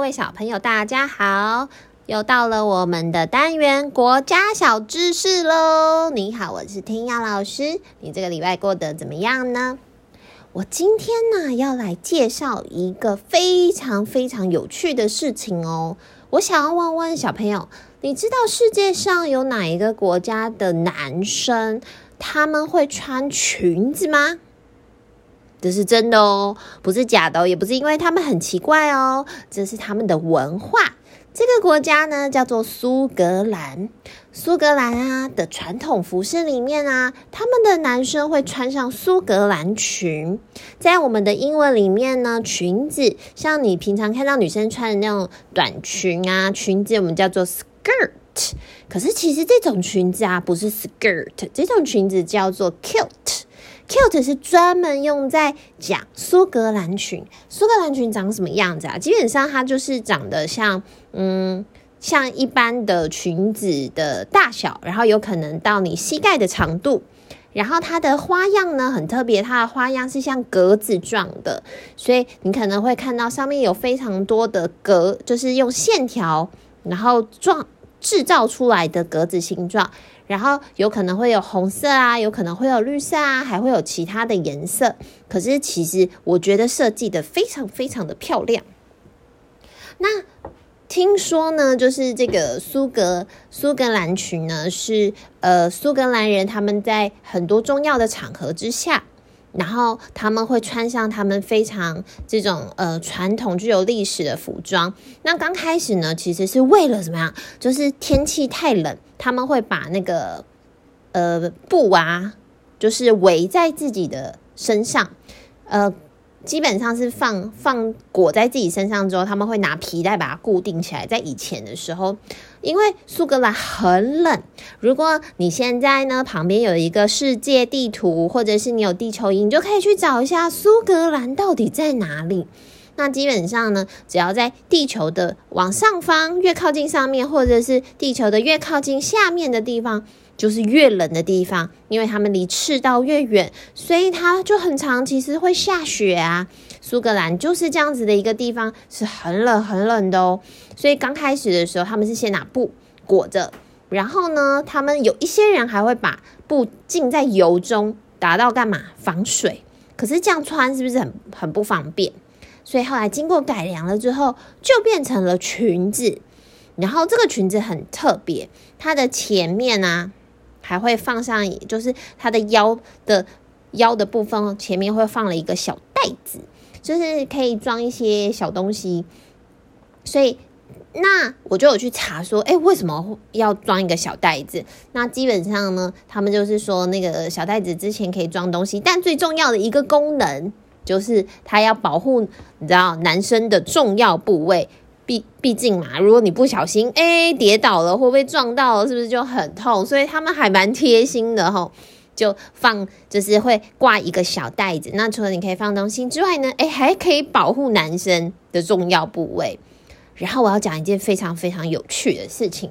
各位小朋友，大家好！又到了我們的單元國家小知識嘍。你好，我是彈雅老師。你這個禮拜過得怎麼樣呢？我今天呢、啊、要來介紹一個非常非常有趣的事情哦。我想要問問小朋友，你知道世界上有哪一個國家的男生他們會穿裙子嗎？這是真的哦，不是假的哦，也不是因為他們很奇怪哦，這是他們的文化。這個國家呢，叫做蘇格蘭，蘇格蘭啊的傳統服飾裡面啊，他們的男生會穿上蘇格蘭裙。在我們的英文裡面呢，裙子像你平常看到女生穿的那種短裙啊，裙子我們叫做 skirt。可是其實這種裙子啊不是 skirt，這種裙子叫做 kilt Kilt 是專門用在講蘇格蘭裙。蘇格蘭裙長什麼樣子啊？基本上它就是長得像，嗯，像一般的裙子的大小，然後有可能到你膝蓋的長度。然後它的花樣呢很特別，它的花樣是像格子狀的，所以你可能會看到上面有非常多的格，就是用線條然後狀。製造出來的格子形狀，然後有可能會有紅色啊，有可能會有綠色啊，還會有其他的顏色。可是其實我覺得設計的非常非常的漂亮。那聽說呢，就是這個蘇格蘇格蘭裙呢，是呃蘇格蘭人他們在很多重要的場合之下，然後他們會穿上他們非常這種呃傳統具有歷史的服裝。那剛開始呢，其實是為了怎麼樣？就是天氣太冷，他們會把那個呃布啊，就是圍在自己的身上，呃。基本上是放放，裹在自己身上之後，他們會拿皮帶把它固定起來。在以前的時候，因為蘇格蘭很冷，如果你現在呢，旁邊有一個世界地圖，或者是你有地球儀，你就可以去找一下蘇格蘭到底在哪裡？那基本上呢，只要在地球的往上方、越靠近上面，或者是地球的越靠近下面的地方，就是越冷的地方，因為他們離赤道越遠，所以它就很長。其實會下雪啊，蘇格蘭就是這樣子的一個地方，是很冷很冷的哦。所以剛開始的時候，他們是先拿布裹着，然後呢，他們有一些人還會把布浸在油中，達到幹嘛防水？可是這樣穿是不是很很不方便？所以後來經過改良了之後，就變成了裙子。然後這個裙子很特別，它的前面呢、啊。還會放上，就是它的腰的腰的部分前面會放了一個小袋子，就是可以裝一些小東西。所以那我就有去查說，哎，為什麼要裝一個小袋子？那基本上呢，他們就是說，那個小袋子之前可以裝東西，但最重要的一個功能就是它要保護，你知道，男生的重要部位。畢畢竟嘛、啊，如果你不小心誒、欸、跌倒了，或被撞到了，是不是就很痛？所以他們還蠻貼心的吼、哦，就放就是會掛一個小袋子。那除了你可以放東西之外呢，誒、欸，還可以保護男生的重要部位。然後我要講一件非常非常有趣的事情，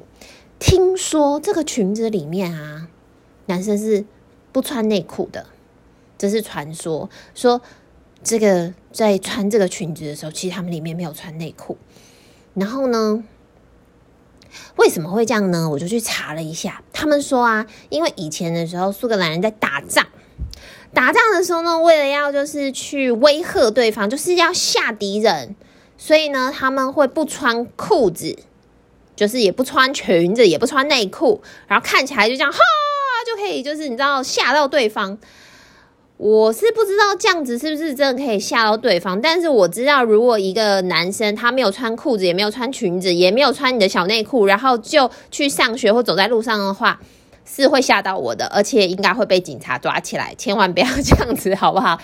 聽說這個裙子裡面啊，男生是不穿內褲的，這是傳說。說這個在穿這個裙子的時候，其實他們裡面沒有穿內褲。然後呢，為什麼會這樣呢？我就去查了一下，他們說啊，因為以前的時候蘇格蘭人在打仗，打仗的時候呢，為了要就是去威嚇對方，就是要嚇敵人，所以呢，他們會不穿褲子，就是也不穿裙子，也不穿內褲，然後看起來就這樣，哈，就可以就是你知道嚇到對方。我是不知道這樣子是不是真的可以嚇到對方，但是我知道，如果一個男生他沒有穿褲子，也沒有穿裙子，也沒有穿你的小內褲，然後就去上學或走在路上的話，是會嚇到我的，而且應該會被警察抓起來。千萬不要這樣子，好不好？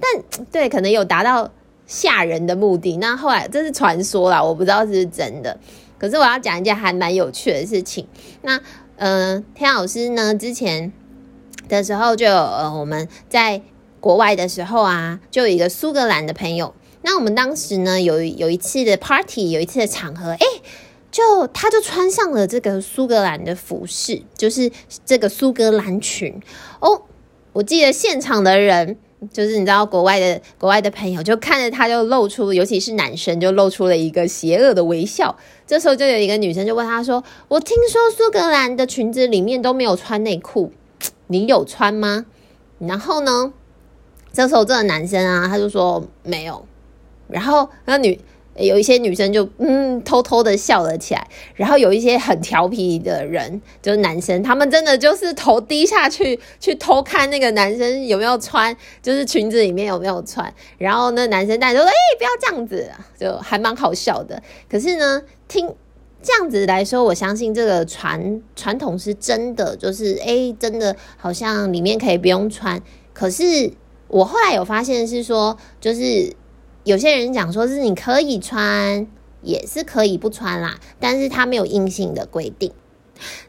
但對，可能有達到嚇人的目的。那後來這是傳說啦，我不知道是不是真的。可是我要講一件還蠻有趣的事情。那呃，天老師呢，之前。的時候就有呃我們在國外的時候啊，就有一個蘇格蘭的朋友。那我們當時呢有有一次的 party，有一次的場合，哎，就他就穿上了這個蘇格蘭的服飾，就是這個蘇格蘭裙。哦，我記得現場的人就是你知道國外的國外的朋友就看着他就露出，尤其是男生就露出了一個邪惡的微笑。這時候就有一個女生就問他說：“我聽說蘇格蘭的裙子裡面都沒有穿內褲。”你有穿嗎？然後呢？這時候這個男生啊，他就說沒有。然後那女有一些女生就嗯，偷偷的笑了起來。然後有一些很調皮的人，就是男生，他們真的就是頭低下去去偷看那個男生有沒有穿，就是裙子裡面有沒有穿。然後那男生帶着都說：“哎、欸，不要這樣子，就還蠻好笑的。”可是呢，聽。這樣子來說，我相信這個傳傳統是真的，就是哎、欸，真的好像裡面可以不用穿。可是我後來有發現是說，就是有些人講說是你可以穿，也是可以不穿啦，但是它沒有硬性的規定。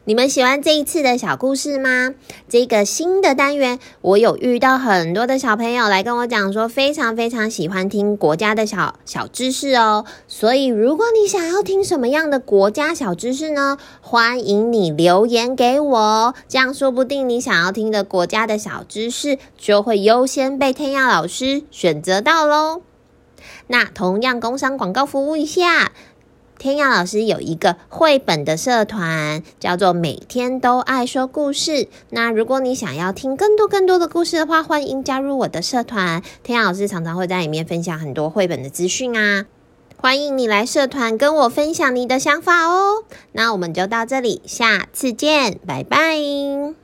你們喜歡這一次的小故事嗎？這個新的單元，我有遇到很多的小朋友來跟我講，說非常非常喜歡聽國家的小小知識哦。所以，如果你想要聽什麼樣的國家小知識呢？歡迎你留言給我哦，這樣說不定你想要聽的國家的小知識就會優先被彈雅老師選擇到嘍。那同樣，工商廣告服務一下。彈雅老師有一個繪本的社團，叫做“每天都愛說故事”。那如果你想要聽更多更多的故事的話，歡迎加入我的社團。彈雅老師常常會在裡面分享很多繪本的資訊啊，歡迎你來社團跟我分享你的想法哦。那我們就到這裡，下次見，拜拜。